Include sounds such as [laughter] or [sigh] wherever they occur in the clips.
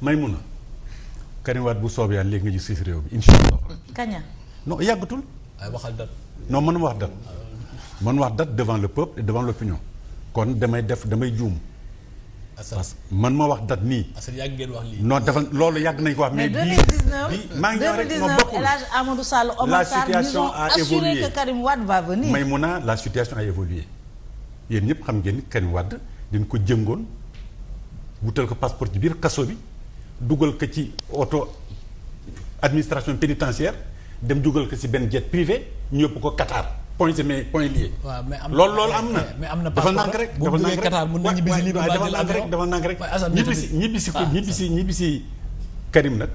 may Maymuna Karim Wade bu soob yàlla léegi nga gis si réew bi incha allah. kaña non yàggatul. ay waxal dat. non mën wax dat. mën wax dat devant le peuple et devant l'opinion kon damay def damay juum. parce que man ma wax dat nii. Assane yàgg ngeen wax lii. non dafa loolu yàgg nañ ko wax. mais 2019 bi maa ngi ñëw ma bokkul El Hadj Amadou Sall Omar Sarr la situation a évolué assuré que la situation a évolué yéen ñëpp xam ngeen ni Karim ko jëngoon. wutal ko passeport ci biir kaso bi dugal ko ci auto administration pénitentiaire dem dugal ko ci benn jet privé ñu yóbbu ko Qatar point mais point lié. waaw mais am loolu loolu am na. mais am na dafa nànk rek dafa nànk rek dafa nànk rek si nànk rek ñibbisi ñibbisi ko ah, ñibbisi ñibbisi Karim nag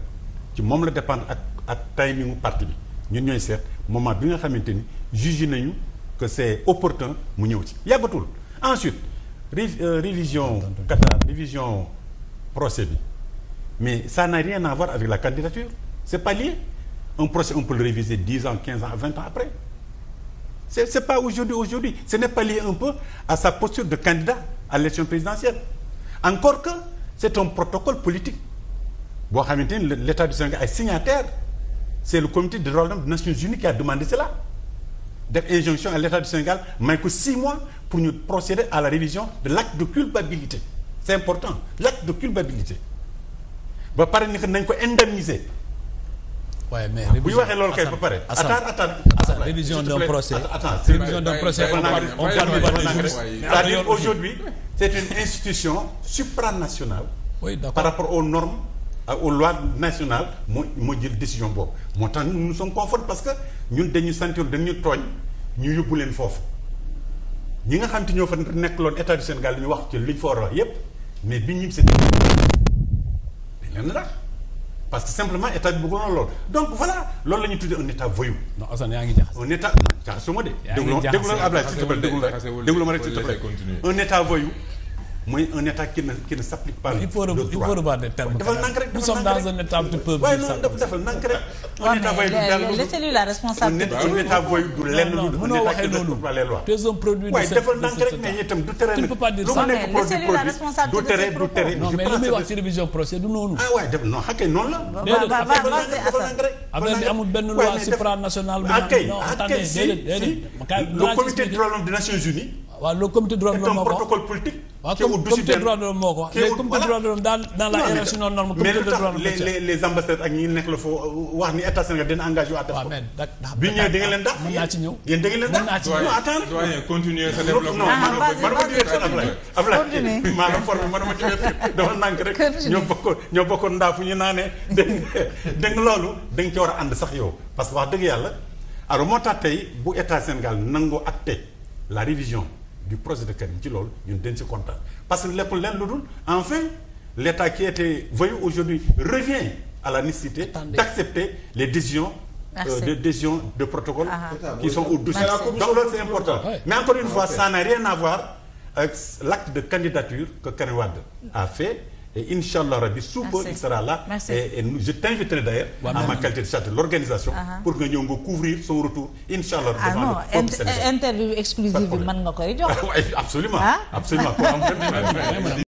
ci moom la dépendre ak ak timingu parti bi ñun ñooy seet moment bi nga xamante ni juge nañu que c'est opportun mu ñëw ci yàggatul ensuite. Euh, révision Qatar révision procès bi mais ça n'a rien à voir avec la candidature c'est pas lié un procès on peut le réviser dix ans quinze ans vingt ans après c'est c'est pas aujourd'hui aujourd'hui ce n'est pas lié un peu à sa posture de candidat à l'élection présidentielle encore que c'est un protocole politique boo xamante ni l'État du Sénégal est signataire c'est le comité de développement des Nations Unies qui a demandé cela def injonction à l' état du Sénégal may ko six mois pour ñu procéder à la révision de l' acte de culpabilité c' est important l' acte de culpabilité ba pare ni nañ ko indemniser. waaye mais révision ah, bu ñu waxee loolu kay ba pare. attends attends révision d'un procès révision d'un procès on parle c'est-à-dire aujourd'hui c'est une institution supranationale. par rapport aux normes. aux lois nationales moo moo jël décision boobu moo tax ñun nous sommes parce que ñun dañu sentir dañu tooñ ñu yóbbu leen foofu ñi nga xam ti ñoo fa nekk loon état du Sénégal li ñu wax ci li ñu fa war a yépp mais bi ñu seet dañ leen rax parce que simplement état bi bëggoon lool donc voilà loolu la ñuy tuddee un état voyou. non Assane yaa ngi jaxase. un état jaxasuma de. yaa ngi jaxase déglu déglu Ablaye rek s'il te plaît état voyou mooy un état qui ne qui ne s'applique pas. il faut le il faut revoir des termes. defal nank rek nous sommes dans un état de peuple. waaye defal nank rek. un état voyou du dara laissez-lui la responsabilité. un état voyou du lenn lu dul un état qui ne respecte pas les lois. tu es un produit de cette defal nank rek mais itam du tere. tu ne peux pas non mais li muy wax ci révision procès du noonu. ah waay def non xam nga noonu la. déedéet affaire bi amul benn loi supranationale. bu ñu am non attendez déedéet déedéet. waaw loolu comité droit de l'homme moo ko protocole politique. waaw comité droit de l'homme moo ko léegi comité droit de la hiérarchie non norme comité droit de l'homme les naa naa ci ñëw non ah, ma diwee seen Ablaye Ablaye maa rek ñoo bokkoon ndaa fu ñu naanee dégg loolu da nga ci war a ànd sax yow parce que wax dëgg yàlla alors moo tax tey bu état Sénégal nangoo acté la révision du projet de Karim ci loolu ñun dañ si kontaan parce que lépp lenn lu dul enfin l' état qui était voyou aujourd'hui revient à la nécessité d' accepter les décisions euh, des décisions de protocole ah, ah. qui sont au dossier donc loolu c'est important ouais. mais encore une fois okay. n'a rien à l'acte de candidature que Karim Wade a fait Et Inch'Allah Rabbi, sous peu, il sera là. Merci. Et, et nous, je t'inviterai d'ailleurs, à ma qualité de chef de l'organisation, uh ah, -huh. Ah. pour que nous couvrir son retour, Inch'Allah, ah devant non, le peuple sénégalais. Interview exclusive, man, [laughs] Absolument, ah. absolument. [laughs]